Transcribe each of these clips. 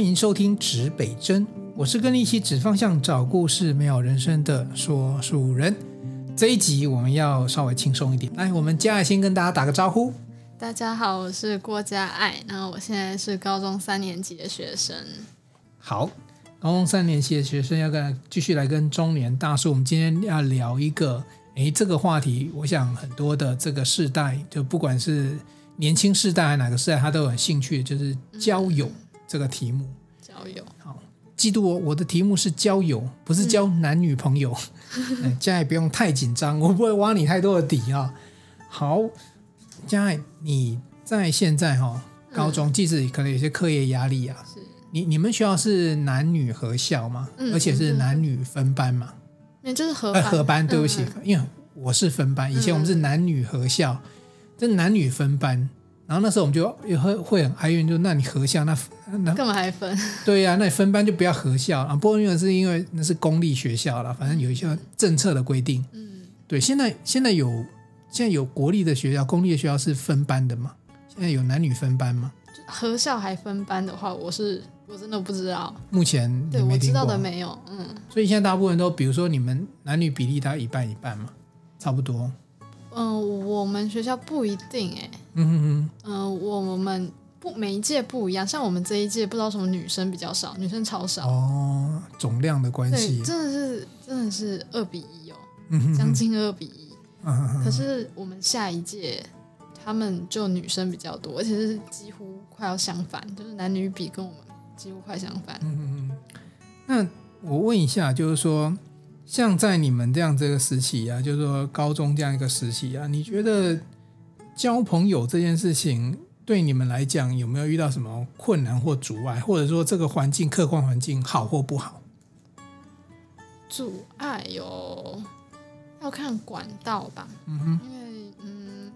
歡迎收聽指北針，我是跟你一起指方向、找故事、妙人生的說書人。這一集我們要稍微輕鬆一點，來，我們家愛先跟大家打個招呼。大家好，我是郭家愛，那我現在是高中三年級的學生。好，高中三年級的學生要跟繼續來跟中年大叔，我們今天要聊一個，哎，這個話題，我想很多的這個世代，就不管是年輕世代還是哪個世代，他都有興趣，就是交友。嗯這個題目交友好，記住我、哦、我的題目是交友，不是交男女朋友。嘉、嗯、 在不用太緊張，我不會挖你太多的底啊。好，嘉在你在現在哈高中、嗯，即使可能有些課業壓力啊，你你們學校是男女合校嗎、嗯？而且是男女分班嗎？嗯，這、就是合班。合班，對不起、嗯，因為我是分班。以前我們是男女合校，嗯、這男女分班。然後那時候我們就就會會很哀怨，就那你合校那那幹嘛還分？對呀、啊，那你分班就不要合校啊！不過因為是因為那是公立學校啦，反正有一些政策的規定。嗯，對，現在現在有現在有國立的學校，公立的學校是分班的嘛？現在有男女分班嗎？就合校還分班的話，我是我真的不知道。目前對我知道的沒有，嗯。所以現在大部分都，比如說你們男女比例大概一半一半嘛，差不多。嗯，我們學校不一定哎、欸。嗯、哼哼。嗯，我們不每一屆不一樣，像我們這一屆不知道什麼女生比較少，女生超少。哦，總量的關係。對，真的是真的是二比一哦，將、嗯、近二比一，嗯。可是我們下一屆，他們就女生比較多，而且是幾乎快要相反，就是男女比跟我們幾乎快相反。嗯、哼哼。那我問一下，就是說。像在你們這樣這個時期啊，就是說高中這樣一個時期啊，你覺得交朋友這件事情對你們來講有沒有遇到什麼困難或阻礙，或者說這個環境客觀環境好或不好？阻礙有哦，要看管道吧。嗯哼，因為嗯，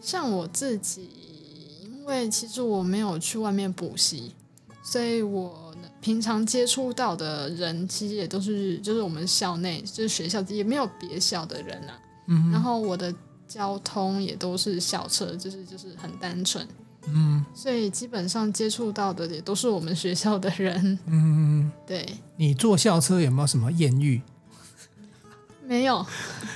像我自己，因為其實我沒有去外面補習，所以我。平常接觸到的人，其實也都是就是我們校內，就是學校也沒有別校的人，啊嗯、然後我的交通也都是校車，就是就是很單純。嗯，所以基本上接觸到的也都是我們學校的人。嗯對，你坐校車有沒有什麼豔遇？ 沒有。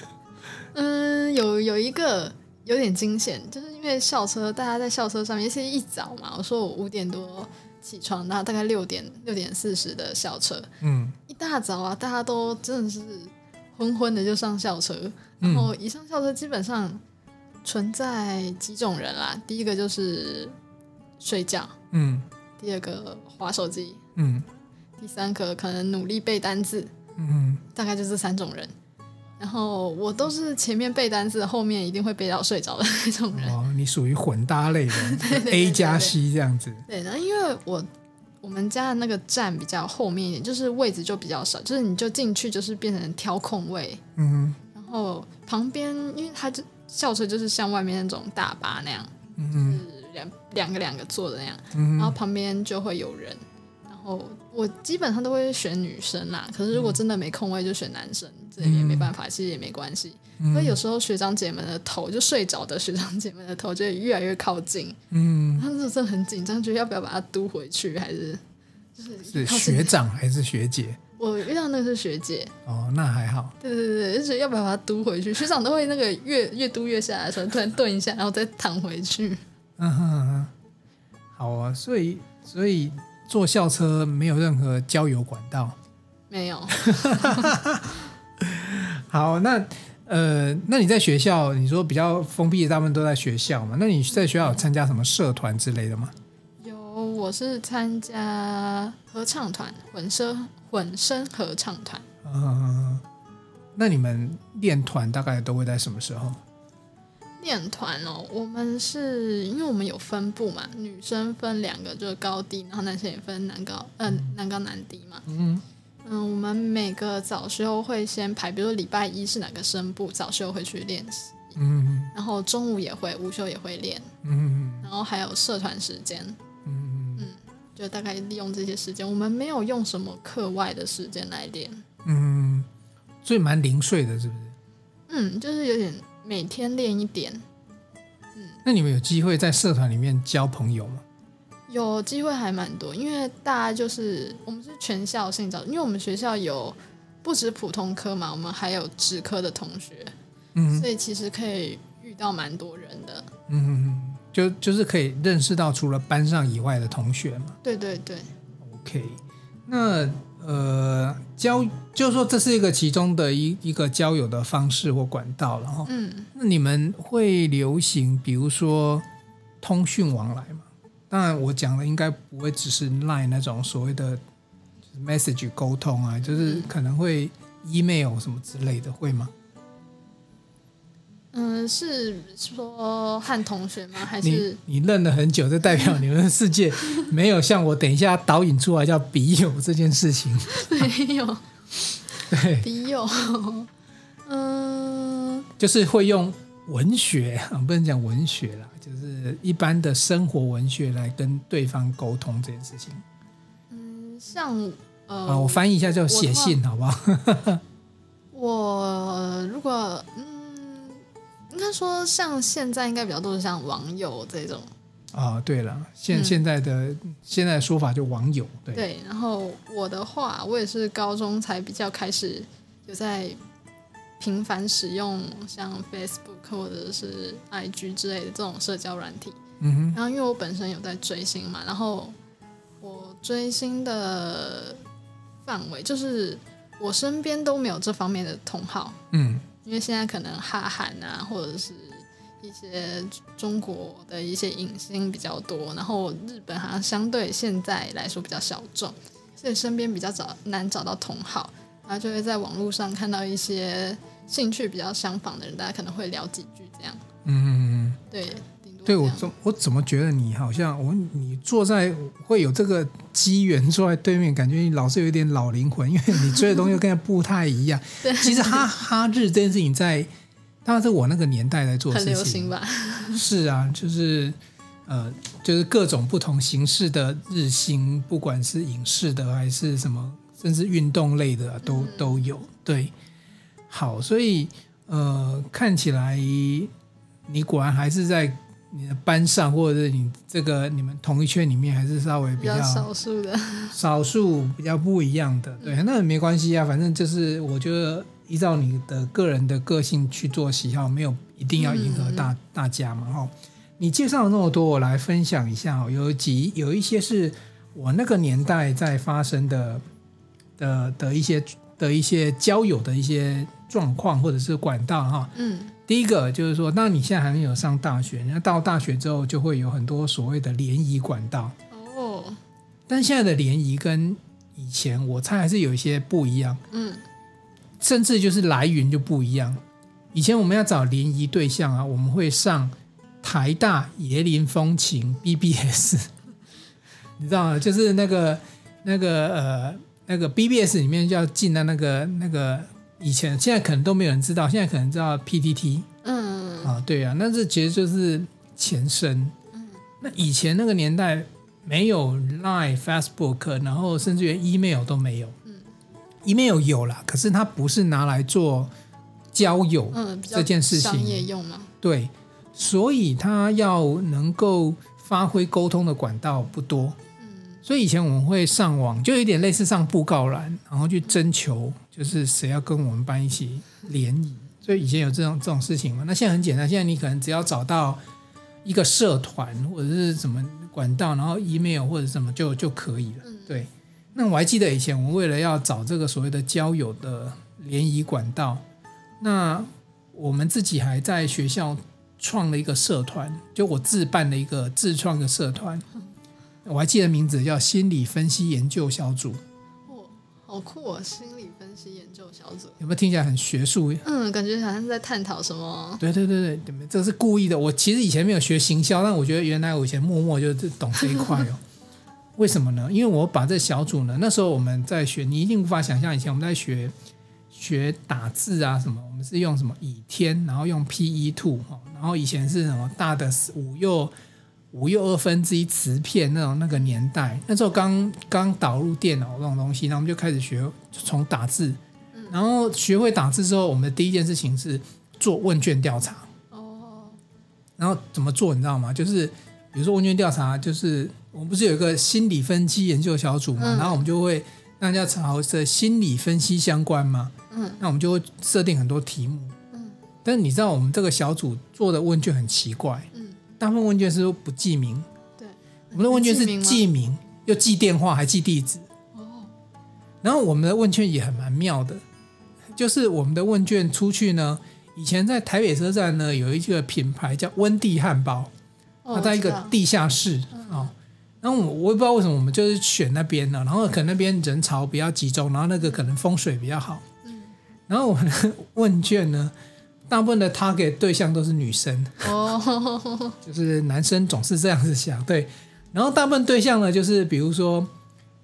嗯，有有一個有點驚險，就是因為校車，大家在校車上面，尤其一早嘛，我說我五點多。起床，然後大概六點六點四十的校車，嗯，一大早啊，大家都真的是昏昏的就上校車，嗯、然後一上校車基本上存在幾種人啦，第一個就是睡覺，嗯，第二個滑手機，嗯，第三個可能努力背單詞，嗯嗯，大概就這三種人。然後我都是前面背單詞，後面一定會背到睡着的那種人。哦，你屬於混搭類的。A 加 C 這樣子。 對，對，對，對，對，對，然後因為我我們家的那個站比較後面一點，就是位置就比較少，就是你就進去就是變成挑空位。嗯。然後旁邊，因為他就校車就是像外面那種大巴那樣，嗯，就是兩兩個兩個坐的那樣。嗯。然後旁邊就會有人。哦、oh,，我基本上都會選女生啦。可是如果真的沒空位，就選男生、嗯，這也沒辦法，其實也沒關係。嗯、因為有時候學長姐們的頭就睡着的，學長姐們的頭就越來越靠近。嗯，他真的很緊張，就要不要把他嘟回去，還是就是、是學長還是學姐？我遇到那個是學姐。哦，那還好。對對對，而且要不要把它嘟回去？學長都會那個越越嘟越下來，然後，突然頓一下， 然後再躺回去。嗯哼哼，好啊，所以所以。坐校車沒有任何交友管道，沒有 。好，那呃，那你在學校，你說比較封閉的大部分都在學校嘛？那你在學校有參加什麼社團之類的嗎？有，我是參加合唱團，混聲混聲合唱團。啊、嗯，那你們練團大概都會在什麼時候？練團哦，我們是因為我們有分部嘛，女生分兩個就是高低，然後男生也分男高，嗯、呃，男高男低嘛。嗯，嗯，嗯，嗯，我們每個早修會先排，比如說禮拜一是哪個聲部，早修會去練習。嗯，然後中午也會，午休也會練。嗯，然後還有社團時間。嗯，嗯就大概利用這些時間，我們沒有用什麼課外的時間來練。嗯。所以蠻零碎的，是不是？嗯，就是有點。每天練一點，嗯，那你們有機會在社團裡面交朋友嗎？有機會，還蠻多，因為大家就是我們是全校性招，因為我們學校有不止普通科嘛，我們還有職科的同學，嗯，所以其實可以遇到蠻多人的，嗯哼哼，就就是可以認識到除了班上以外的同學嘛，對對對，OK，那。呃，交就是說這是一個其中的一一個交友的方式或管道了，然後，嗯，那你們會流行，比如說通訊往來嗎？當然，我講的應該不會只是 Line 那種所謂的 message 溝通啊，就是可能會 email 什麼之類的，會嗎？嗯，是說和同學嗎？還是你，你認了很久，這代表你們的世界沒有像我等一下導引出來叫筆友這件事情。沒有、啊，對，筆友，嗯，就是會用文學、啊、不能講文學啦，就是一般的生活文學來跟對方溝通這件事情。嗯，像呃、啊，我翻譯一下叫寫信，好不好？我、呃、如果、嗯應該說，像現在應該比較多是像網友這種啊、哦，對了，現在、嗯、現在的現在說法就網友，對對。然後我的話，我也是高中才比較開始有在頻繁使用像 Facebook 或者是 IG 之類的這種社交軟體。嗯哼。然後因為我本身有在追星嘛，然後我追星的範圍就是我身邊都沒有這方面的同好。嗯。因為現在可能哈韓啊，或者是一些中國的一些影星比較多，然後日本好像相對現在來說比較小眾，所以身邊比較找，難找到同好，然後就會在網絡上看到一些興趣比較相仿的人，大家可能會聊幾句這樣。嗯嗯嗯，對。對，我怎我怎麼覺得你好像我你坐在會有這個機緣坐在對面，感覺你老是有一點老靈魂，因為你追的東西跟他不太一樣。 對，其實哈哈日這件事情在，當然在我那個年代在做的事情，很流行吧？是啊，就是呃，就是各種不同形式的日星，不管是影視的還是什麼，甚至運動類的、啊、都都有。對，好，所以呃，看起來你果然還是在。你的班上，或者是你這個你們同一圈裡面，還是稍微比較少數的，少數比較不一樣的、的對，那也沒關係啊，反正就是我覺得依照你的個人的個性去做喜好，沒有一定要迎合大、大家嘛，哈、嗯嗯嗯。你介紹了那麼多，我來分享一下，有幾有一些是我那個年代在發生的的的一些的一些交友的一些狀況或者是管道，哈。嗯。第一個就是說，那你現在還沒有上大學，那到大學之後就會有很多所謂的聯誼管道哦。但現在的聯誼跟以前我猜還是有一些不一樣，嗯，甚至就是來源就不一樣。以前我們要找聯誼對象啊，我們會上台大、椰林風情 BBS、BBS， 你知道嗎？就是那個、那個、呃、那個 BBS 裡面就要進的那個、那個。以前現在可能都沒有人知道，現在可能知道 P T T。嗯，啊，對啊，那這其實就是前身。嗯，那以前那個年代沒有 Line Facebook，然後甚至連 email 都沒有。嗯、email 有啦，可是它不是拿來做交友。嗯，這件事情商業、嗯、用嗎？對，所以它要能夠發揮溝通的管道不多。嗯，所以以前我們會上網，就有點類似上布告欄，然後去徵求。嗯就是誰要跟我們班一起聯誼，所以以前有這種這種事情嘛。那現在很簡單，現在你可能只要找到一個社團或者是什麼管道，然後 email 或者什麼就就可以了。對。嗯，那我還記得以前我們為了要找這個所謂的交友的聯誼管道，那我們自己還在學校創了一個社團，就我自辦了一個自創的社團，我還記得名字叫心理分析研究小組。哦，好酷啊，哦，心理。是研究小組，有沒有聽起來很學術？嗯，感覺好像是在探討什麼？對對對對，這個是故意的。我其實以前沒有學行銷，但我覺得原來我以前默默就是懂這一塊哦。 為什麼呢？因為我把這小組呢，那時候我們在學，你一定無法想象以前我們在學學打字啊什麼，我們是用什麼倚天，然後用 PE 2，哈，然後以前是什麼大的五又五又二分之一磁片那種那個年代，那時候剛剛導入電腦這種東西，那我們就開始學從打字、嗯，然後學會打字之後，我們的第一件事情是做問卷調查。哦，然後怎麼做你知道嗎？就是比如說問卷調查，就是我們不是有一個心理分析研究小組嘛、嗯，然後我們就會那要朝著心理分析相關嘛，嗯，那我們就會設定很多題目，嗯，但是你知道我們這個小組做的問卷很奇怪。大部分問卷是說不記名，對，我們的問卷是記名,記名，又記電話，還記地址、哦。然後我們的問卷也很蠻妙的，就是我們的問卷出去呢，以前在台北車站呢有一個品牌叫溫蒂漢堡、哦，它在一個地下室啊、哦。然後我也不知道為什麼我們就是選那邊呢、啊，然後可能那邊人潮比較集中，然後那個可能風水比較好。嗯、然後我們的問卷呢。大部分的 target 對象都是女生哦，就是男生總是這樣子想，對，然後大部分對象呢，就是比如說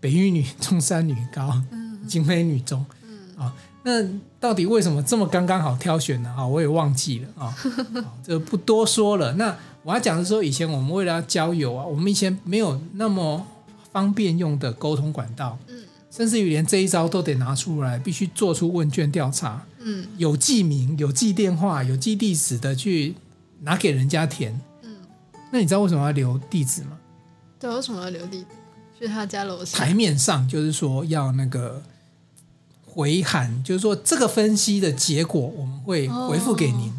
北一女、中山女高、景美女中，嗯啊，那到底為什麼這麼剛剛好挑選呢？啊，我也忘記了啊，就不多說了。那我要講的是說，以前我們為了要交友啊，我們以前沒有那麼方便用的溝通管道，嗯，甚至於連這一招都得拿出來，必須做出問卷調查。嗯，有記名、有記電話、有記地址的去拿給人家填。嗯，那你知道為什麼要留地址嗎？對，為什麼要留地址？去他家樓下台面上，就是說要那個回函，就是說這個分析的結果我們會回復給您。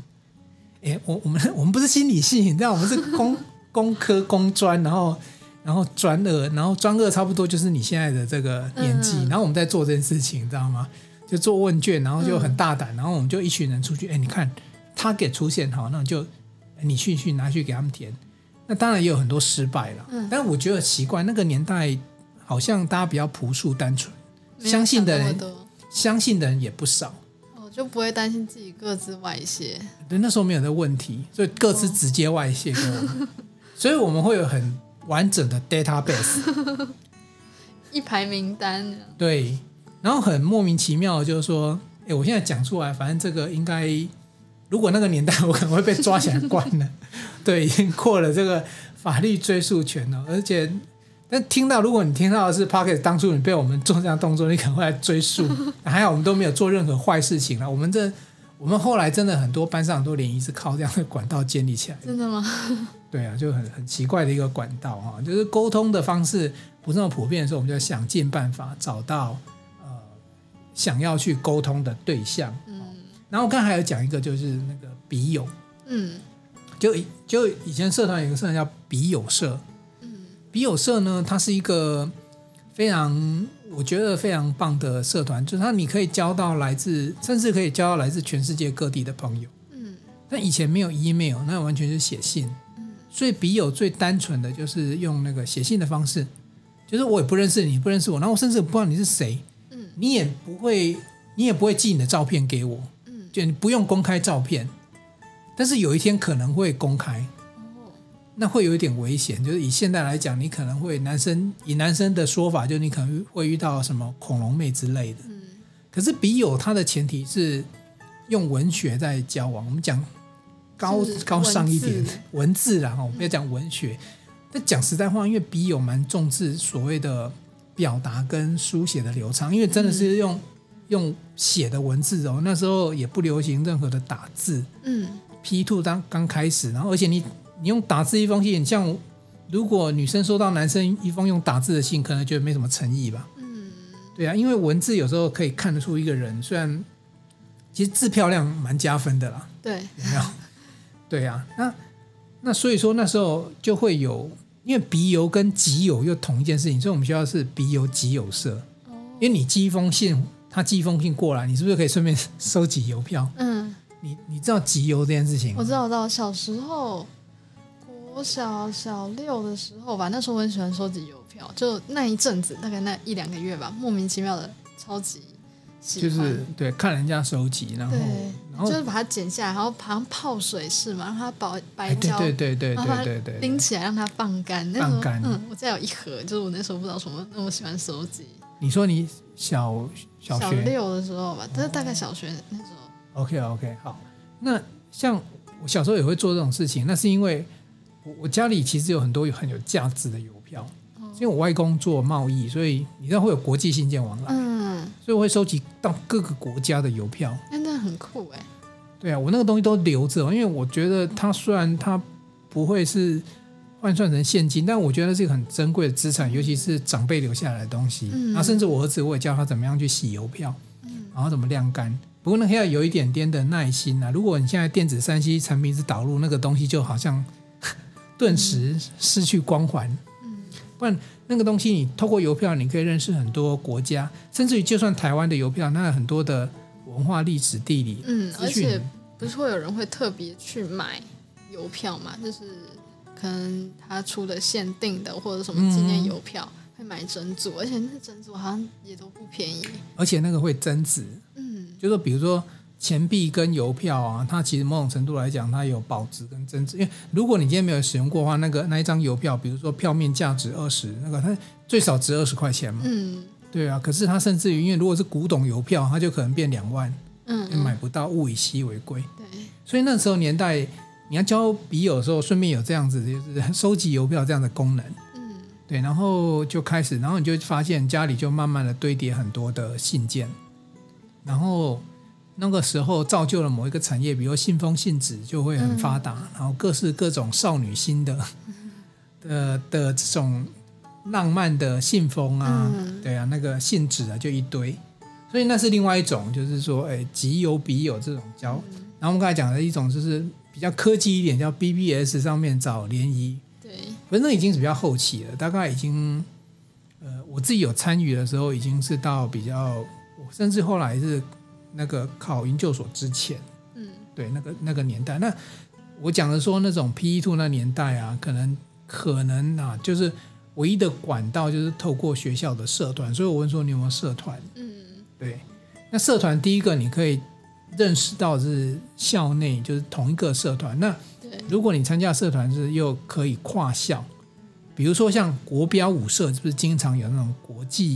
哎、哦欸，我我們我們不是心理系，你知道，我們是工 工科、工專，然後然後專二，然後專二差不多就是你現在的這個年紀、嗯，然後我們在做這件事情，知道嗎？就做問卷，然後就很大膽、嗯，然後我們就一群人出去。哎、欸，你看 target 出現，好，那你就，欸，你去去拿去給他們填。那當然也有很多失敗了，嗯，但我覺得奇怪，那個年代好像大家比較樸素單純，相信的人相信的人也不少。我就不會擔心自己個資外洩。對，那時候沒有的問題，所以個資直接外洩，啊、哦、 所以我們會有很完整的 database， 一排名單。對。然後很莫名其妙，就是說，哎，我現在講出來，反正這個應該，如果那個年代，我可能會被抓起來關了。 對，已經過了這個法律追訴權了。而且，但聽到如果你聽到的是 Podcast，當初你被我們做這樣的動作，你可能會來追訴。還好我們都沒有做任何壞事情了。我們這，我們後來真的很多班上很多聯誼是靠這樣的管道建立起來的。真的嗎？對啊，就很很奇怪的一個管道啊。就是溝通的方式不那麼普遍的時候，我們就要想盡辦法找到。想要去溝通的對象，然後我剛才還有講一個，就是那個筆友，嗯，就就以前社團有一個社團叫筆友社，嗯，筆友社呢，它是一個非常我覺得非常棒的社團，就是它你可以交到來自甚至可以交到來自全世界各地的朋友，嗯，但以前沒有 email，那完全是寫信，所以筆友最單純的就是用那個寫信的方式，就是我也不認識你,你不認識我，然後我甚至也不知道你是誰。你也不會，你也不會寄你的照片給我，嗯，就你不用公開照片，但是有一天可能會公開，哦，那會有一點危險。就是以現在來講，你可能會男生以男生的說法，就你可能會遇到什麼恐龍妹之類的，嗯。可是筆友他的前提是用文學在交往，我們講高高尚一點文字啦，哦，不要講文學，嗯、但講實在話，因為筆友蠻重視所謂的。表達跟書寫的流暢，因為真的是用、嗯、用寫的文字哦。那時候也不流行任何的打字，嗯，P two 當剛開始，然後而且你你用打字一封信，像如果女生收到男生一封用打字的信，可能覺得沒什麼誠意吧，嗯，對啊，因為文字有時候可以看得出一個人，雖然其實字漂亮蠻加分的啦，對，有沒有？對啊，那那所以說那時候就會有。因為筆友跟集郵又同一件事情，所以我們學校是筆友集郵社。哦。因為你寄一封信，他寄一封信過來，你是不是可以順便收集郵票？嗯，你你知道集郵這件事情？我知道，我知道，小時候國小小六的時候吧，那時候我很喜歡收集郵票，就那一陣子大概那一兩個月吧，莫名其妙的超級喜歡，就是對看人家收集，然後。就是把它剪下來，然後好像泡水是嘛？讓它保、白、哎、膠、對對對對對對拎起來讓它放乾。那放乾。嗯，我再有一盒，就是我那時候不知道什麼那麼喜歡收集。你說你小小學小六的時候吧，但是大概小學那時候、哦。OK OK，好。那像我小時候也會做這種事情，那是因為我我家裡其實有很多很有價值的郵票、哦，因為我外公做貿易，所以你知道會有國際信件往來，嗯，所以我會收集到各個國家的郵票。很酷哎、欸，對啊，我那個東西都留着，因為我覺得它雖然它不會是換算成現金，但我覺得是一個很珍貴的資產，尤其是長輩留下來的東西。啊、嗯、甚至我兒子我也教他怎麼樣去洗郵票、嗯，然後怎麼晾乾。不過那要有一點點的耐心啊！如果你現在電子三 C 產品是導入那個東西，就好像頓時失去光環、嗯。不然那個東西你透過郵票，你可以認識很多國家，甚至於就算台灣的郵票，那有很多的。文化、歷史、地理，嗯，而且不是會有人會特別去買郵票嘛？就是可能他出的限定的或者什麼紀念郵票，會買整組、嗯、而且那整組好像也都不便宜。而且那個會增值，嗯，就是說比如說錢幣跟郵票啊，它其實某種程度來講，它有保值跟增值。因為如果你今天沒有使用過的話，那個那一張郵票，比如說票面價值二十，那個它最少值二十塊錢嘛，嗯。對啊，可是他甚至於，因為如果是古董郵票，他就可能變兩萬，嗯，嗯，買不到，物以稀為貴。對，所以那時候年代，你要交筆友的時候，順便有這樣子，就是收集郵票這樣的功能，嗯，對，然後就開始，然後你就發現家裡就慢慢的堆疊很多的信件，然後那個時候造就了某一個產業，比如說信封、信紙就會很發達，嗯，然後各式各種少女心的，的的這種。浪漫的信封啊，嗯、對啊，那個信紙啊，就一堆，所以那是另外一種，就是說，哎，集郵筆友這種交、嗯、然後我們剛才講的一種，就是比較科技一點，叫 BBS 上面找聯誼。對，反正已經是比較後期了，大概已經，呃，我自己有參與的時候，已經是到比較，甚至後來是那個考研究所之前，嗯，對，那個那個年代。那我講的說那種 PE2 那年代啊，可能可能啊，就是。唯一的管道就是透過學校的社團，所以我問說你有沒有社團？嗯，對。那社團第一個你可以認識到的是校內，就是同一個社團。那對，如果你參加社團是又可以跨校，比如說像國標舞社，是不是經常有那種國際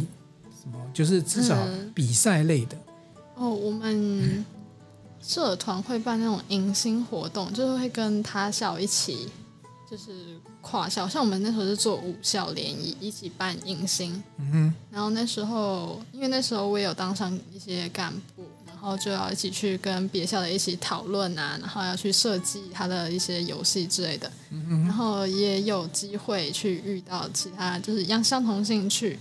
什麼，就是至少比賽類的？嗯。哦，我們社團會辦那種迎新活動，就是會跟他校一起。就是跨校，像我們那時候是做五校聯誼，一起辦迎新。嗯哼。然後那時候，因為那時候我也有當上一些幹部，然後就要一起去跟別校的一起討論啊，然後要去設計他的一些遊戲之類的。嗯哼。然後也有機會去遇到其他就是一樣相同興趣，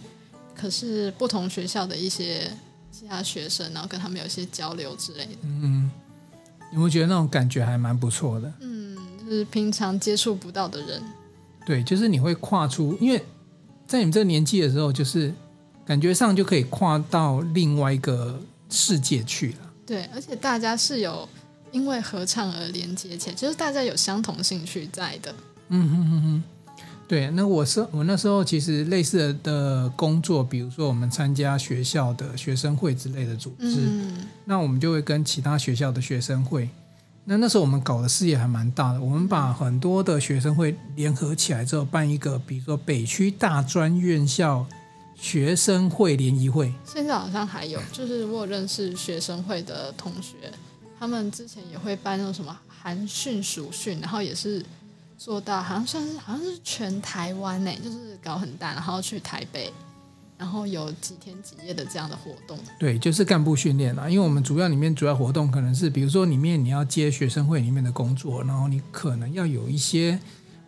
可是不同學校的一些其他學生，然後跟他們有一些交流之類的。嗯哼、嗯。你會覺得那種感覺還蠻不錯的。嗯。是平常接觸不到的人。對，就是你會跨出，因為在你們這個年紀的時候，就是感覺上就可以跨到另外一個世界去了。對，而且大家是有因為合唱而連接起來，就是大家有相同興趣在的。嗯哼哼哼，對，那我是我那時候其實類似的工作，比如說我們參加學校的學生會之類的組織，嗯，那我們就會跟其他學校的學生會。那那時候我們搞的事業還蠻大的，我們把很多的學生會聯合起來之後辦一個，比如說北區大專院校學生會聯誼會。現在好像還有，就是我有認識學生會的同學，他們之前也會辦那種什麼寒訓暑訓，然後也是做到好像算是好像是全台灣哎，就是搞很大，然後去台北。然後有幾天幾夜的這樣的活動，對，就是幹部訓練啦。因為我們主要裡面主要活動可能是，比如說裡面你要接學生會裡面的工作，然後你可能要有一些，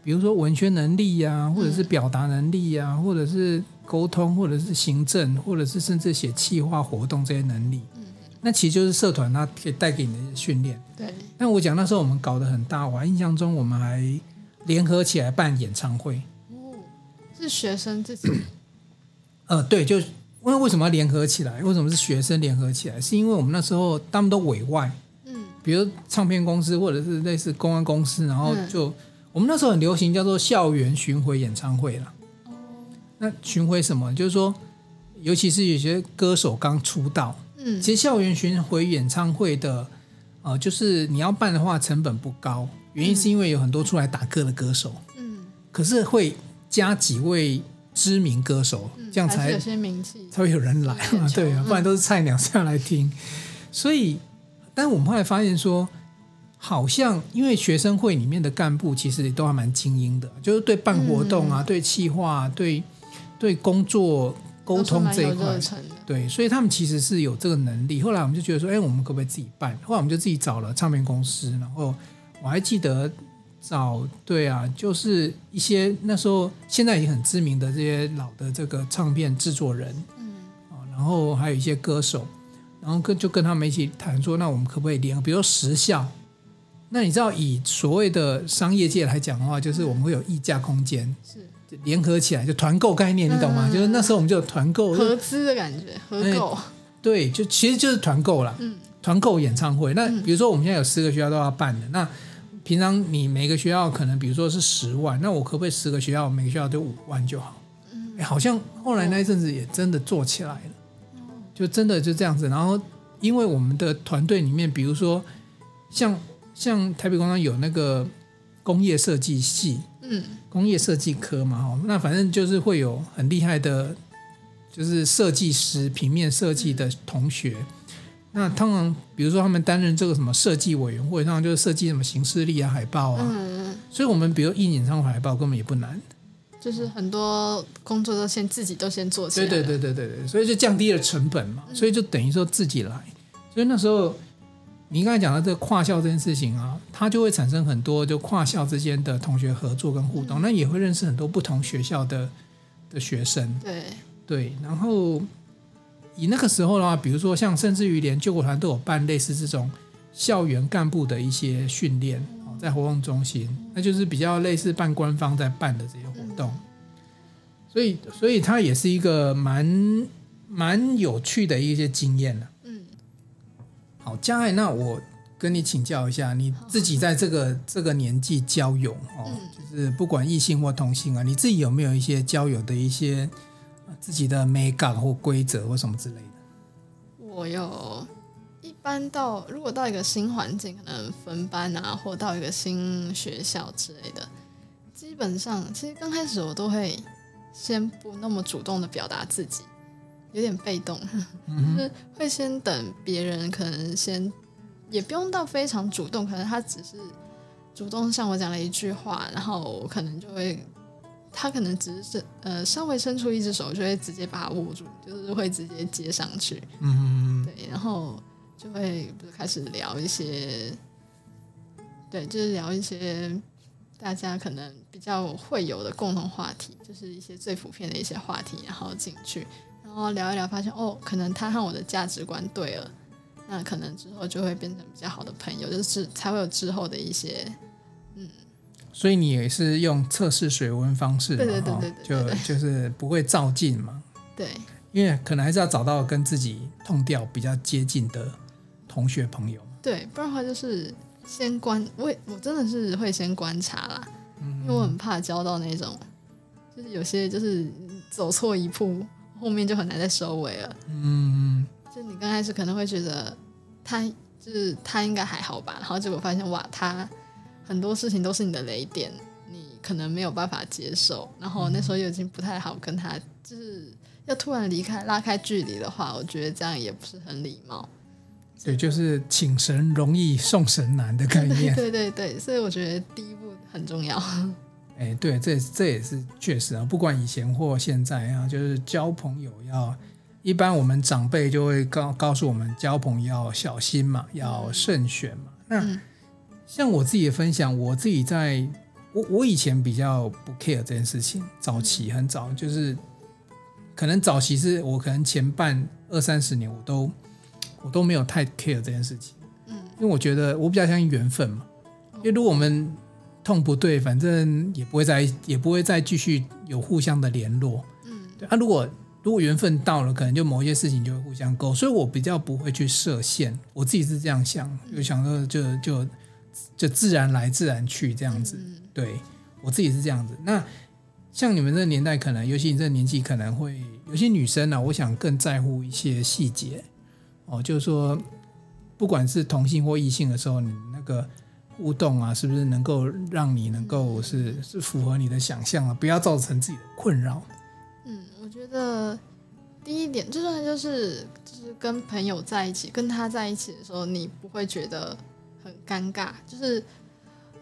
比如說文學能力呀、啊，或者是表達能力呀、啊嗯，或者是溝通，或者是行政，或者是甚至寫企劃活動這些能力。嗯，那其實就是社團它可以帶給你的訓練。對。但我講那時候我們搞得很大，我印象中我們還聯合起來辦演唱會。哦，是學生自己。 呃，對，就是，為為什麼要聯合起來？為什麼是學生聯合起來？是因為我們那時候他們都委外，嗯，比如唱片公司或者是類似公安公司，然後就、嗯、我們那時候很流行叫做校園巡迴演唱會了。哦，那巡迴什麼？就是說，尤其是有些歌手剛出道，嗯，其實校園巡迴演唱會的，呃，就是你要辦的話成本不高，原因是因為有很多出來打歌的歌手，嗯，可是會加幾位。知名歌手這樣才、嗯、有些名氣才會有人來嘛。對啊，不然都是菜鳥這樣來聽、嗯。所以，但我們後來發現說，好像因為學生會裡面的幹部其實都還蠻精英的，就是對辦活動啊、嗯、對企劃、對對工作溝通這一塊，對，所以他們其實是有這個能力。後來我們就覺得說，哎、欸，我們可不可以自己辦？後來我們就自己找了唱片公司，然後我還記得。找對啊，就是一些那時候現在已經很知名的這些老的這個唱片制作人，嗯，然後還有一些歌手，然後跟就跟他們一起談說，那我們可不可以聯合，比如十校，那你知道以所謂的商業界來講的話，就是我們會有議價空間，是聯合起來就團購概念，你懂嗎？嗯、就是那時候我們就有團購合資的感覺，合購、嗯、對，就其實就是團購了，嗯，團購演唱會。那比如說我們現在有四個學校都要辦的那。平常你每個學校可能，比如說是十萬，那我可不可以十個學校每個學校都五萬就好？嗯，欸，好像後來那一陣子也真的做起來了，哦，就真的就這樣子。然後，因為我們的團隊裡面，比如說像像台北工商有那個工業設計系，嗯，工業設計科嘛，哈，那反正就是會有很厲害的，就是設計師、平面設計的同學。嗯那通常，比如說他們擔任這個什麼設計委員會，通常就是設計什麼行事曆啊、海報啊。嗯嗯。所以，我們比如印演唱會海報，根本也不難。就是很多工作都先自己都先做起來。對對對對對，所以就降低了成本嘛、嗯。所以就等於說自己來。所以那時候，你剛才講到這個跨校這件事情啊，它就會產生很多就跨校之間的同學合作跟互動，嗯、那也會認識很多不同學校的的學生。對。對，然後。以那個時候的話，比如說像甚至於連救國團都有辦類似這種校園幹部的一些訓練，在活動中心，那就是比較類似半官方在辦的這些活動，嗯、所以所以它也是一個蠻蠻有趣的一些經驗、啊、嗯，好，加愛，那我跟你請教一下，你自己在這個這個年紀交友哦、嗯，就是不管異性或同性啊，你自己有沒有一些交友的一些？自己的美感或規則或什麼之類的。我有，一般到如果到一個新環境，可能分班啊，或到一個新學校之類的，基本上其實剛開始我都會先不那麼主動的表達自己，有點被動，嗯、 就是會先等別人，可能先也不用到非常主動，可能他只是主動向我講了一句話，然後我可能就會。他可能只是呃稍微伸出一隻手，就會直接把他握住，就是會直接接上去，嗯，嗯，嗯，對，然後就會開始聊一些，對，就是聊一些大家可能比較會有的共同話題，就是一些最普遍的一些話題，然後進去，然後聊一聊，發現哦，可能他和我的價值觀對了，那可能之後就會變成比較好的朋友，就是才會有之後的一些。所以你也是用測試水溫方式，對對對對對，對，對，對，對，對就，就就是不會躁進嘛。對，因為可能還是要找到跟自己同調比較接近的同學朋友、嗯。對、嗯嗯，不然的話就是先觀，我也我真的是會先觀察啦，因為我很怕交到那種，就是有些就是走錯一步，後面就很難再收尾了。嗯，就你剛開始可能會覺得他就是他應該還好吧，然後結果發現哇他。很多事情都是你的雷點，你可能沒有辦法接受。然後那時候又已經不太好跟他，嗯、就是要突然離開拉開距離的話，我覺得這樣也不是很禮貌。對，就是請神容易送神難的概念。 對對對，對，所以我覺得第一步很重要。哎 、欸，對，這這也是確實啊，不管以前或現在啊，就是交朋友要，一般我們長輩就會告告訴我們交朋友要小心嘛，要慎選嘛。嗯、那。嗯像我自己的分享，我自己在，我我以前比較不 care 這件事情，早期很早就是，可能早期是我可能前半二三十年我都我都沒有太 care 這件事情，嗯，因為我覺得我比較相信緣分嘛，因為如果我們痛不對，反正也不會再也不會再繼續有互相的聯絡，嗯，對，那、啊、如果如果緣分到了，可能就某些事情就會互相勾，所以我比較不會去設限，我自己是這樣想，就想說就就。就自然來，自然去這樣子，對我自己是這樣子。那像你們這個年代，可能尤其你這個年紀，可能會有些女生呢、啊，我想更在乎一些細節哦。就是說，不管是同性或異性的時候，你那個互動啊，是不是能夠讓你能夠是是符合你的想象啊？不要造成自己的困擾。嗯，我覺得第一點，就算就是就是跟朋友在一起，跟他在一起的時候，你不會覺得。尷尬，就是，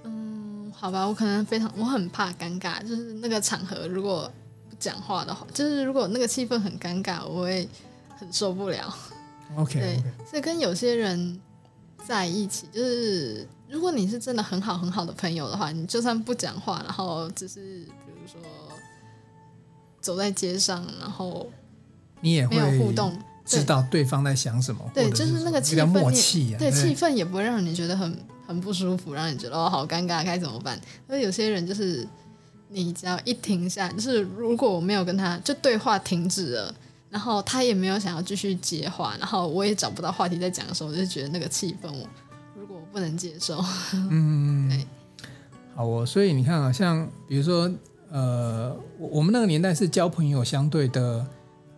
嗯，好吧，我可能非常，我很怕尷尬，就是那個場合，如果不講話的話，就是如果那個氣氛很尷尬，我會很受不了。OK，對，okay. 所以跟有些人在一起，就是如果你是真的很好很好的朋友的話，你就算不講話，然後只是比如說走在街上，然後沒有你也會互動。知道對方在想什麼，什麼，對，就是那個氣氛。默契、啊，對，氣氛也不會讓你覺得很很不舒服，讓你覺得哦好尷尬，該怎麼辦？所以有些人就是，你只要一停下，就是如果我沒有跟他就對話停止了，然後他也沒有想要繼續接話，然後我也找不到話題在講的時候，我就覺得那個氣氛我，我如果我不能接受，嗯 好哦，所以你看啊，像比如說，呃，我，我們那個年代是交朋友相對的。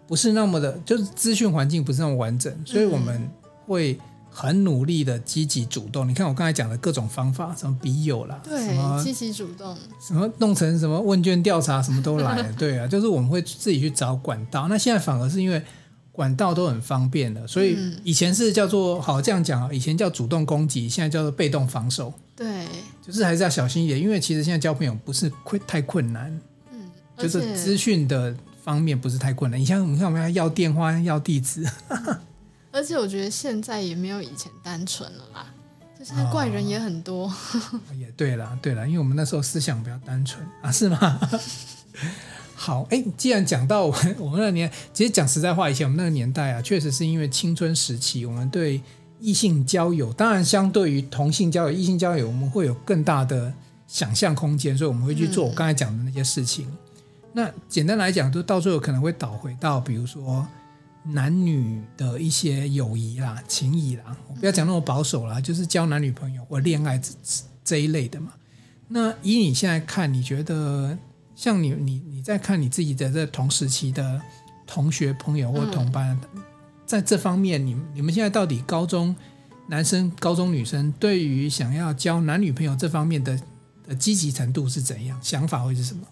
不是那麼的，就是資訊環境不是那麼完整，所以我們會很努力的積極主動。嗯、你看我剛才講的各種方法，什麼筆友啦，對，積極主動，什麼弄成什麼問卷調查，什麼都來了。 對啊，就是我們會自己去找管道。那現在反而是因為管道都很方便了，所以以前是叫做、嗯、好這樣講啊，以前叫主動攻擊，現在叫做被動防守。對，就是還是要小心一點，因為其實現在交朋友不是困太困難，嗯，就是資訊的。方面不是太困難，你像你看我們要要電話要地址。 而且我覺得現在也沒有以前單純了啦，就現在怪人也很多。 哦、也對啦，對啦，因為我們那時候思想比較單純啊，是嗎？ 好，哎、欸，既然講到我們我們那年，其實講實在話，以前我們那個年代啊，確實是因為青春時期我們對異性交友，當然相對於同性交友，異性交友，我們會有更大的想象空間，所以我們會去做我剛才講的那些事情。嗯那簡單來講，就到最後可能會倒回到，比如說男女的一些友誼啦、情誼啦，我不要講那麼保守啦，就是交男女朋友或戀愛這這一類的嘛。那以你現在看，你覺得像你你你在看你自己的這同時期的同學朋友或同班，嗯、在這方面，你你們現在到底高中男生、高中女生對於想要交男女朋友這方面的的積極程度是怎樣？想法會是什麼？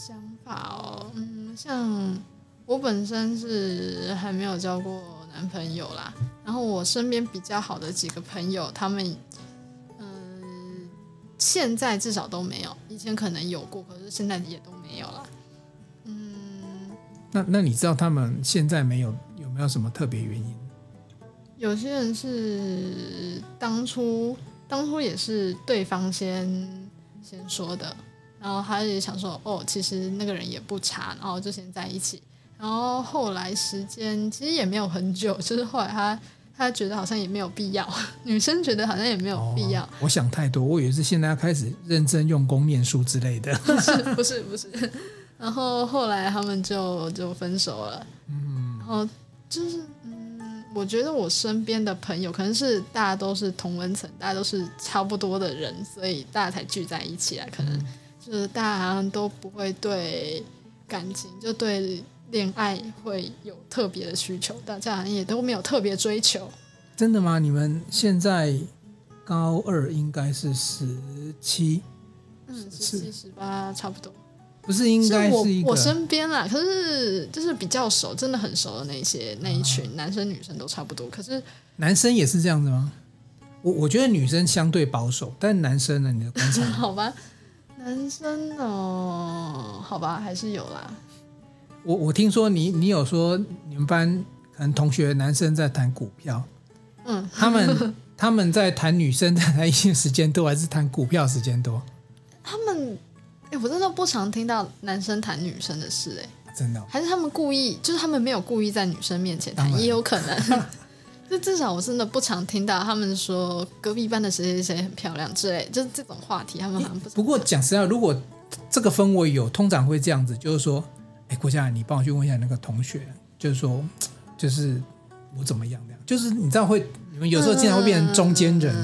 想法哦，嗯，像我本身是還沒有交過男朋友啦，然後我身邊比較好的幾個朋友，他們，嗯、呃，現在至少都沒有，以前可能有過，可是現在也都沒有了，嗯。那那你知道他們現在沒有有沒有什麼特別原因？有些人是當初當初也是對方先先說的。然後他也想說，哦，其實那個人也不差，然後就先在一起，然後後來時間其實也沒有很久，就是後來他他覺得好像也沒有必要，女生覺得好像也沒有必要。哦，我想太多，我以為是現在要開始認真用功念書之類的。 是不是不是不是。然後後來他們就就分手了。嗯。然後就是嗯，我覺得我身邊的朋友可能是大家都是同溫層，大家都是差不多的人，所以大家才聚在一起啊，可能。嗯就是大家好像都不會對感情，就對戀愛會有特別的需求，大家也都沒有特別追求。真的嗎？你們現在高二應該是十七、嗯、十七、十八，差不多。不是應該是一？我我身邊啦，可是就是比較熟，真的很熟的那些那一群，男生女生都差不多。可是男生也是這樣子嗎？我我覺得女生相對保守，但男生呢？你的觀察 好吧。男生哦，好吧，還是有啦。我我聽說你你有說你們班可能同學男生在談股票，嗯，他們他們在談女生在談一些時間多，還是談股票時間多？他們哎、欸，我真的不常聽到男生談女生的事、欸，哎，真的，哦，還是他們故意，就是他們沒有故意在女生面前談，也有可能。 就至少我真的不常聽到他們說隔壁班的誰誰誰很漂亮之類的，就是這種話題，他們好像不、欸。不過講實在，如果這個氛圍有，通常會這樣子，就是說，哎、欸，郭嘉，你幫我去問一下那個同學，就是說，就是我怎麼樣這樣，就是你知道會，有時候經常會變成中間人，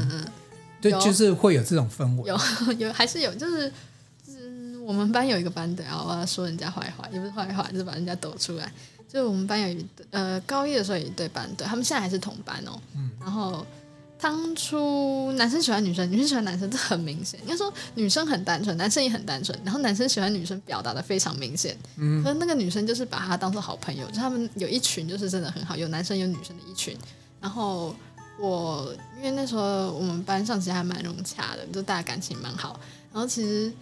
對、嗯嗯嗯嗯，就是會有這種氛圍。有有還是有，就是嗯，我們班有一個班的啊，我要說人家壞話，也不是壞話，就是把人家抖出來。就我們班有一對，呃，高一的時候有一對班，對，他們現在還是同班哦。嗯。然後當初男生喜歡女生，女生喜歡男生，這很明顯。應該說女生很單純，男生也很單純。然後男生喜歡女生，表達的非常明顯。嗯。可是那個女生就是把他當做好朋友，就他們有一群就是真的很好，有男生有女生的一群。然後我因為那時候我們班上其實還蠻融洽的，就大家感情蠻好。然後其實。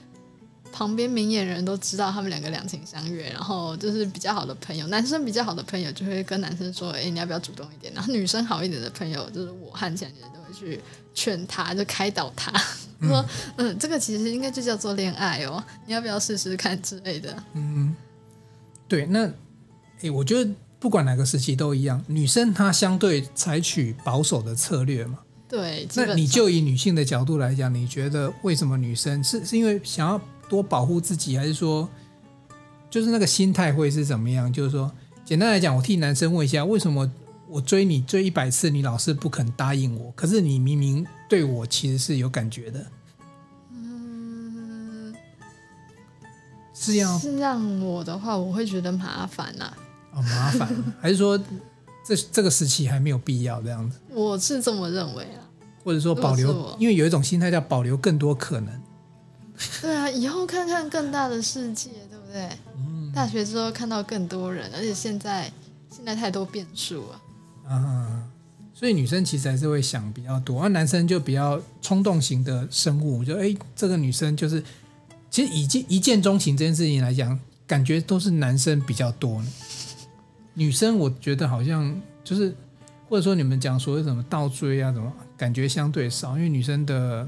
旁邊明眼人都知道他們兩個兩情相悅，然後就是比較好的朋友，男生比較好的朋友就會跟男生說：“誒、欸，你要不要主動一點？”然後女生好一點的朋友，就是我和前女友都會去勸他，就開導他，嗯就是、說：“嗯，這個其實應該就叫做戀愛哦，你要不要試試看之類的？”嗯，對。那誒、欸，我覺得不管哪個時期都一樣，女生她相對採取保守的策略嘛。對。這個你就以女性的角度來講，你覺得為什麼女生是是因為想要？多保護自己，還是說，就是那個心態會是怎麼樣？就是說，簡單來講，我替男生問一下，為什麼我追你追一百次，你老是不肯答應我？可是你明明對我其實是有感覺的。嗯，是這樣。是讓我的話，我會覺得麻煩啊。哦，麻煩，還是說 這這個時期還沒有必要這樣子？我是這麼認為啊。或者說保留，因為有一種心態叫保留更多可能。 對啊，以後看看更大的世界，對不對？嗯、大學之後看到更多人，而且現在現在太多變數了。啊，所以女生其實還是會想比較多，那、啊、男生就比較衝動型的生物。就哎、欸，這個女生就是，其實已經一見鍾情這件事情來講，感覺都是男生比較多。女生我覺得好像就是，或者說你們講所謂什麼倒追啊，怎麼感覺相對少，因為女生的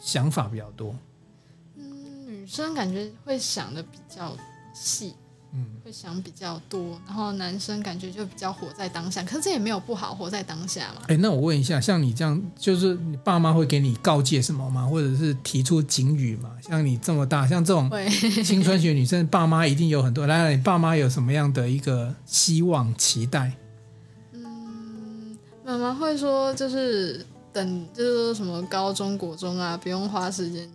想法比較多。女生感覺會想的比較細，嗯，會想比較多，然後男生感覺就比較活在當下，可是這也沒有不好，活在當下嘛。哎、欸，那我問一下，像你這樣，就是你爸媽會給你告誡什麼嗎？或者是提出警語嗎？像你這麼大，像這種青春期女生，爸媽一定有很多。 來，你爸媽有什麼樣的一個希望期待？嗯，媽媽會說，就是等，就是說什麼高中、國中啊，不用花時間。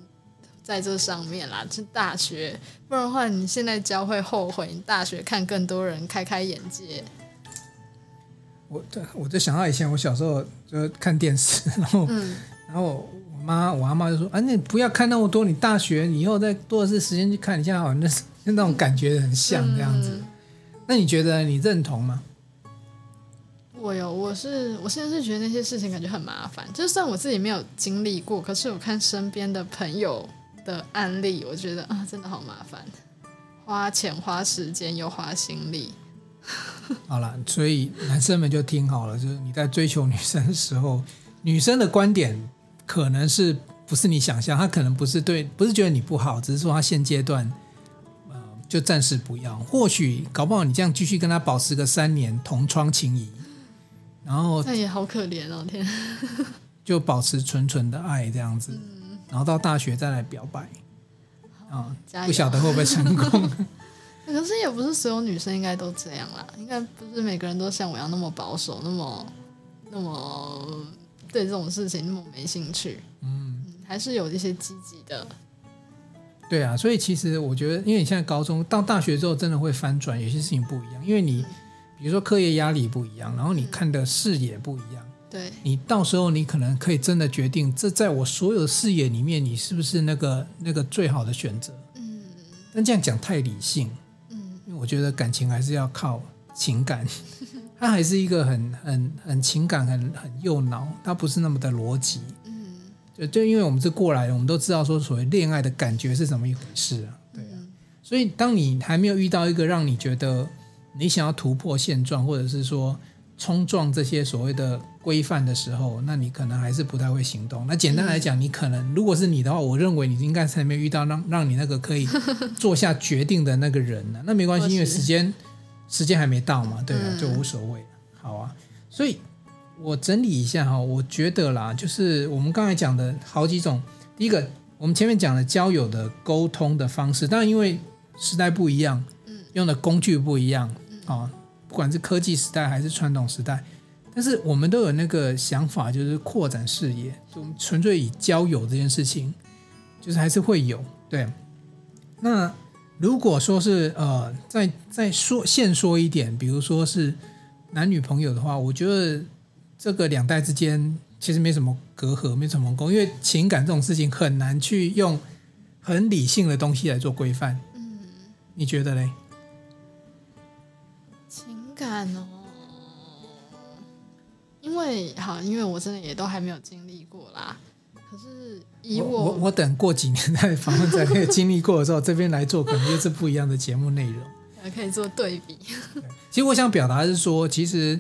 在這上面啦，就大學，不然的話，你現在教會後悔。你大學看更多人，開開眼界。我，我就想到以前我小時候就看電視，然後，嗯、然後我媽，我阿媽就說：“啊，你不要看那麼多，你大學你以後再多的是時間去看一下。”你現在好像那那種感覺很像這樣子，嗯。那你覺得你認同嗎？我有，我是我現在是覺得那些事情感覺很麻煩，就算我自己沒有經歷過，可是我看身邊的朋友的案例，我覺得啊，真的好麻煩，花錢、花時間又花心力。 好了，所以男生們就聽好了，就是你在追求女生的時候，女生的觀點可能是不是你想象，她可能不是對，不是覺得你不好，只是說她現階段、呃、就暫時不要。或許搞不好你這樣繼續跟她保持個三年同窗情誼，然後那也、哎、好可憐哦、啊，天， 就保持純純的愛這樣子。嗯然後到大學再來表白，啊，不曉得會不會成功。 可是也不是所有女生應該都這樣啦，應該不是每個人都像我一樣那麼保守，那麼那麼對這種事情那麼沒興趣。嗯，還是有這些積極的。對啊，所以其實我覺得，因為你現在高中到大學之後，真的會翻轉，有些事情不一樣。因為你、嗯、比如說課業壓力不一樣，然後你看的視野不一樣。嗯對你到時候你可能可以真的決定，這在我所有的視野裡面，你是不是那個那個最好的選擇？嗯，但這樣講太理性，嗯，因為我覺得感情還是要靠情感，它還是一個很很很情感、很很右腦，它不是那麼的邏輯。嗯，就就因為我們是過來人，我們都知道說所謂戀愛的感覺是怎麼一回事啊？對啊，所以當你還沒有遇到一個讓你覺得你想要突破現狀，或者是說。衝撞這些所謂的規範的時候，那你可能還是不太會行動。那簡單來講，你可能如果是你的話，我認為你應該是還沒有遇到讓讓你那個可以做下決定的那個人呢。那沒關係，因為時間時間還沒到嘛。對吧，就無所謂。好啊，所以我整理一下哈，我覺得啦，就是我們剛才講的好幾種。第一個，我們前面講的交友的溝通的方式，當然因為時代不一樣，用的工具不一樣啊。不管是科技時代還是傳統時代，但是我們都有那個想法，就是擴展視野。我們純粹以交友這件事情，就是還是會有，對。那如果說是呃，再再說，先說一點，比如說是男女朋友的話，我覺得這個兩代之間其實沒什麼隔閡，沒什麼，因為情感這種事情很難去用很理性的東西來做規範。嗯，你覺得嘞？看哦，因為好，因為我真的也都還沒有經歷過啦。可是以我，我等過幾年再訪問，在房沒有經歷過的時候，這邊來做，可能就是不一樣的節目內容，還、嗯、可以做對比。其實我想表達的是說，其實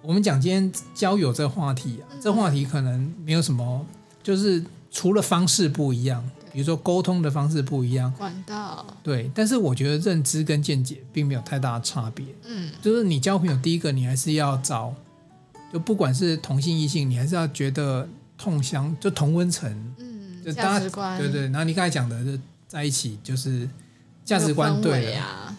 我們講今天交友這話題啊，這話題可能沒有什麼，就是除了方式不一樣。比如說溝通的方式不一樣，管道對，但是我覺得認知跟見解並沒有太大差別。嗯，就是你交朋友，第一個你還是要找，就不管是同性異性，你還是要覺得同鄉，就同溫層。嗯，就大家對,對對，然後你剛才講的，在一起就是價值觀對了啊，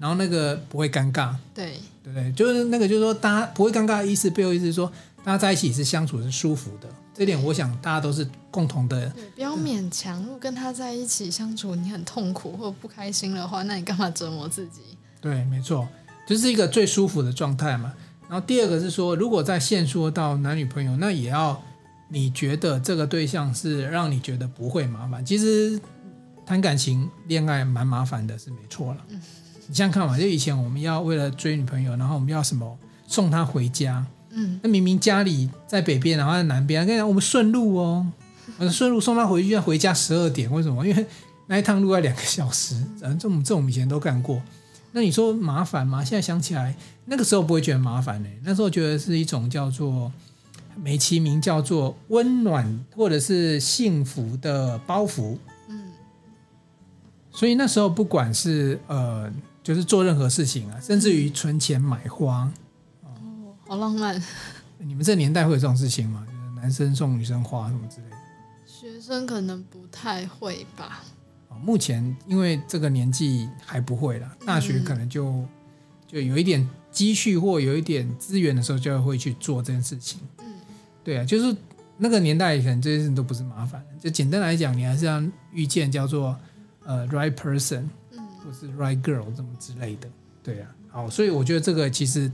然後那個不會尷尬。對對對,對，就是那個就是說，大家不會尷尬的意思，背後意思是說。大家在一起是相處是舒服的，這點我想大家都是共同的，嗯。不要勉強。如果跟他在一起相處你很痛苦或不開心的話，那你幹嘛折磨自己？對，沒錯，就是一個最舒服的狀態嘛。然後第二個是說，如果在限縮到男女朋友，那也要你覺得這個對象是讓你覺得不會麻煩。其實談感情、戀愛蠻麻煩的，是沒錯了。你想想看嘛？就以前我們要為了追女朋友，然後我們要什麼送她回家。嗯，那明明家裡在北邊，然後在南邊，我跟你講、喔，我們順路哦，我們順路送他回去，要回家十二點，為什麼？因為那一趟路要兩個小時，嗯、啊，這種這種以前都幹過。那你說麻煩嗎？現在想起來，那個時候不會覺得麻煩的、欸，那時候覺得是一種叫做美其名叫做溫暖或者是幸福的包袱。嗯，所以那時候不管是呃，就是做任何事情啊，甚至於存錢買花。好浪漫，你們這年代會有這種事情嗎？就是、男生送女生花什麼之類的。學生可能不太會吧。目前因為這個年紀還不會啦，大學可能就、嗯、就有一點積蓄或有一點資源的時候，就會去做這件事情。嗯，對啊，就是那個年代可能這些事情都不是麻煩，就簡單來講，你還是要遇見叫做呃 right person，、嗯、或是 right girl，什麼之類的。對啊，好，所以我覺得這個其實。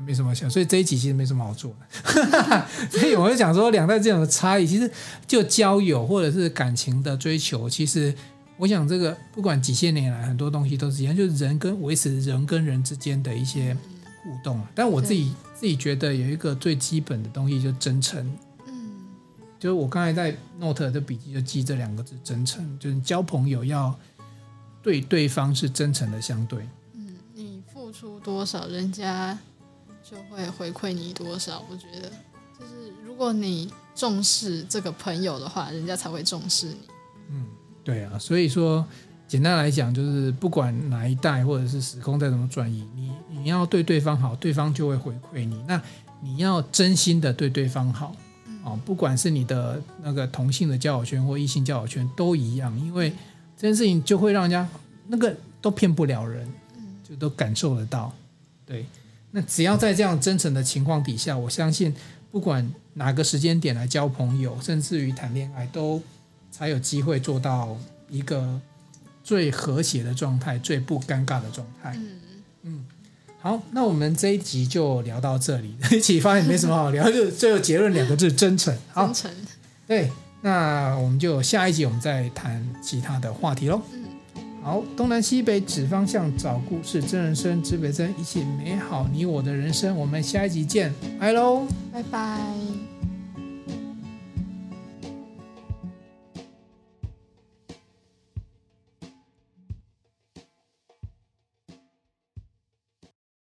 沒什麼想，所以這一集其實沒什麼好做的。 所以我就想說，兩代這樣的差異，其實就交友或者是感情的追求，其實我想這個不管幾千年來，很多東西都是一樣，就是人跟維持人跟人之間的一些互動。但我自己自己覺得有一個最基本的東西，就是真誠。嗯，就是我剛才在 note 的筆記就記這兩個字：真誠。就是交朋友要對對方是真誠的相對。嗯，你付出多少，人家。就會回饋你多少。我覺得，就是如果你重視這個朋友的話，人家才會重視你。嗯，對啊。所以說，簡單來講，就是不管哪一代或者是時空再怎麼轉移，你你要對對方好，對方就會回饋你。那你要真心的對對方好啊，嗯哦，不管是你的那個同性的交友圈或異性交友圈都一樣，因為這件事情就會讓人家那個都騙不了人，嗯、就都感受得到。對。那只要在這樣真誠的情況底下，我相信，不管哪個時間點來交朋友，甚至於談戀愛，都才有機會做到一個最和諧的狀態，最不尷尬的狀態。嗯嗯。好，那我們這一集就聊到這裡。 一起發現沒什麼好聊，就最後結論兩個字：真誠。好。真誠。對，那我們就下一集我們再談其他的話題嘍。嗯好，東南西北指方向，找故事，真人生，指北針，一起美好你我的人生。我們下一集見，拜嘍，拜拜。